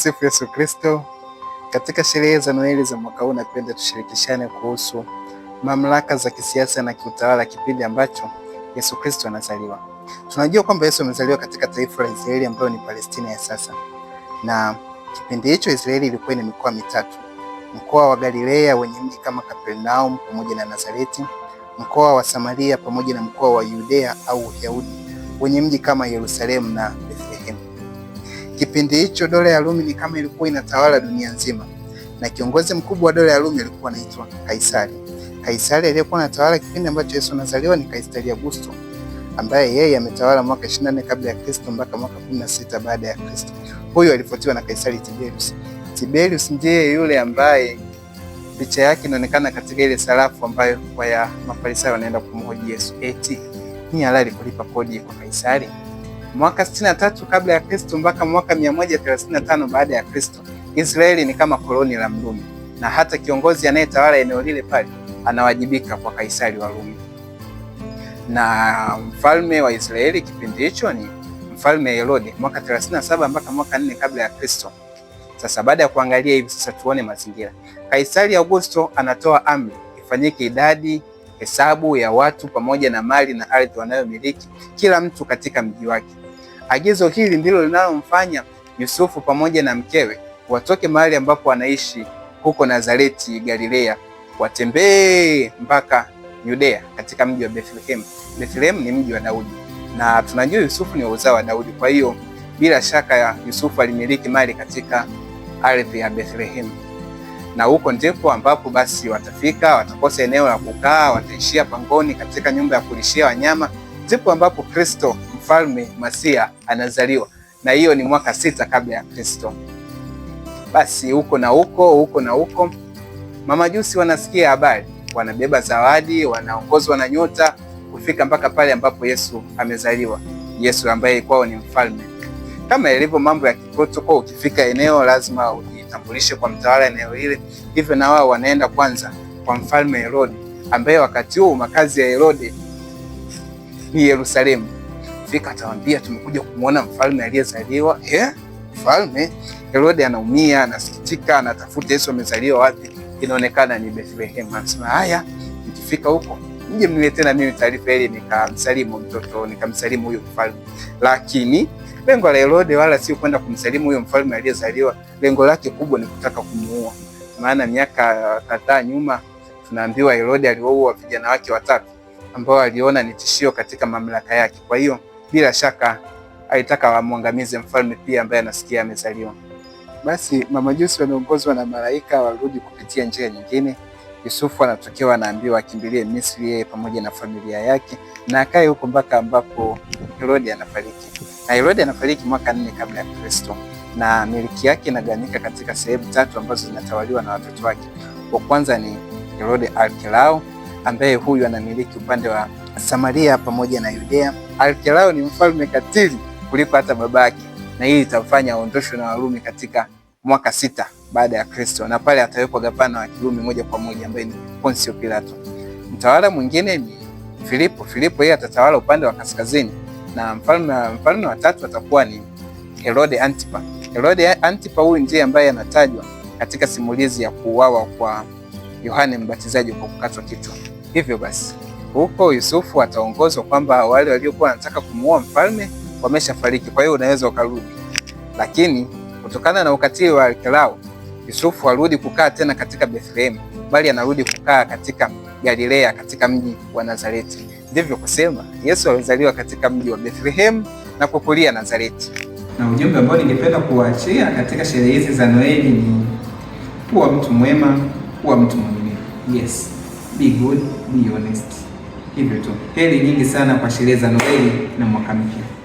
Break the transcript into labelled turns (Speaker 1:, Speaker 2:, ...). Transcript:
Speaker 1: Tumsifu Yesu Kristo. Katika sherehe za Noeli za mwaka huu, napenda tushirikishane kuhusu mamlaka za kisiasa na kiutawala, kipindi ambacho Yesu Kristo anazaliwa. Tunajua kwamba Yesu amezaliwa katika taifa la Israeli ambayo ni Palestina ya sasa, na kipindi hicho Israeli ilikuwa ni mikoa mitatu: mkoa wa Galilea wenye mji kama Kapernaum pamoja na Nazareti, mkoa wa Samaria pamoja na mkoa wa Yudea au Yahudi wenye mji kama Yerusalemu na Kipindi hicho dola ya Rumi ni kama ilikuwa inatawala dunia nzima, na kiongozi mkubwa wa dola ya Rumi alikuwa anaitwa Kaisari. Kaisari aliyekuwa anatawala kipindi ambacho Yesu anazaliwa ni Kaisari Augusto, ambaye yeye ametawala mwaka 24 kabla ya Kristo mpaka mwaka 16 baada ya Kristo. Huyo alifuatiwa na Kaisari Tiberius. Tiberius ndiye yule ambaye picha yake inaonekana katika ile sarafu ambayo kwa ya Mafarisayo wanaenda kumhoji Yesu, eti ni halali kulipa kodi kwa Kaisari? mwaka 63 kabla ya Kristo mpaka mwaka 135 baada ya Kristo. Israeli ni kama koloni la Mrumi na hata kiongozi anayetawala eneo lile pale anawajibika kwa Kaisari wa Rumi. Na mfalme wa Israeli kipindi hicho ni mfalme Herode mwaka 37 mpaka mwaka 4 kabla ya Kristo. Sasa baada ya kuangalia hivi sasa tuone mazingira. Kaisari Augusto anatoa amri ifanyike idadi hesabu ya watu pamoja na mali na ardhi wanayomiliki kila mtu katika mji wake. Agizo hili ndilo linalomfanya Yusufu pamoja na mkewe watoke mahali ambapo wanaishi huko Nazareti Galilea, watembee mpaka Yudea katika mji wa Bethlehem. Bethlehem ni mji wa Daudi na tunajua Yusufu ni uzao wa Daudi. Kwa hiyo bila shaka Yusufu alimiliki mali katika ardhi ya Bethlehem, na huko ndipo ambapo basi watafika, watakosa eneo la kukaa, wataishia pangoni katika nyumba ya kulishia wanyama, ndipo ambapo Kristo mfalme Masia anazaliwa, na hiyo ni mwaka sita kabla ya Kristo. Basi huko na huko huko na huko, mamajusi wanasikia habari, wanabeba zawadi, wanaongozwa na nyota kufika mpaka pale ambapo Yesu amezaliwa, Yesu ambaye kwao ni mfalme. Kama ilivyo mambo ya kiprotoko, ukifika eneo lazima ujitambulishe kwa mtawala eneo hili. hivyo na wao wanaenda kwanza kwa mfalme Herode, ambaye wakati huu makazi ya Herode ni Yerusalemu. Akifika atawaambia tumekuja kumwona mfalme aliyezaliwa. Eh, mfalme Herode anaumia, anasikitika, anatafuta Yesu amezaliwa wapi? Inaonekana ni Bethlehem. Anasema haya, nikifika huko mje mniletee na mimi taarifa ili nikamsalimu mtoto, nikamsalimu huyo mfalme. Lakini lengo la Herode wala sio kwenda kumsalimu huyo mfalme aliyezaliwa, lengo lake kubwa ni kutaka kumuua. Maana miaka kadhaa nyuma tunaambiwa Herode aliwaua vijana wake watatu ambao aliona ni tishio katika mamlaka yake, kwa hiyo bila shaka alitaka wamwangamize mfalme pia ambaye anasikia amezaliwa. Basi mamajusi wameongozwa na malaika warudi kupitia njia nyingine. Yusufu anatokewa, anaambiwa akimbilie Misri yeye pamoja na familia yake, na akae huko mpaka ambapo Herode anafariki, na Herode anafariki mwaka nne kabla ya Kristo, na miliki yake inagawanyika katika sehemu tatu ambazo zinatawaliwa na watoto wake. Wa kwanza ni Herode Arkelao ambaye huyu anamiliki upande wa Samaria pamoja na Yudea. Arkelao ni mfalme katili kuliko hata babake, na hii itamfanya aondoshwe na Warumi katika mwaka sita baada ya Kristo, na pale atawekwa gavana wa Kirumi moja kwa moja ambaye ni Pontio Pilato. Mtawala mwingine ni Filipo. Filipo yeye atatawala upande wa kaskazini, na mfalme mfalme wa tatu atakuwa ni Herode Antipa. Herode Antipa huyu ndiye ambaye anatajwa katika simulizi ya kuuawa kwa Yohane Mbatizaji kwa kukatwa kichwa. Hivyo basi huko Yusufu ataongozwa kwamba wale waliokuwa wanataka kumuua mfalme wameshafariki, kwa hiyo unaweza ukarudi. Lakini kutokana na ukatili wa Arkelao, Yusufu arudi kukaa tena katika Bethlehem, bali anarudi kukaa katika Galilea, katika mji wa Nazareti. Ndivyo kusema Yesu alizaliwa katika mji wa Bethlehem na kukulia Nazareti. Na ujumbe ambao ningependa kuwaachia katika sherehe hizi za Noeli ni kuwa mtu mwema kuwa mtu mwaminifu. Yes, be good, be honest. Hivyo tu. Heri nyingi sana kwa sherehe za Noeli na mwaka mpya.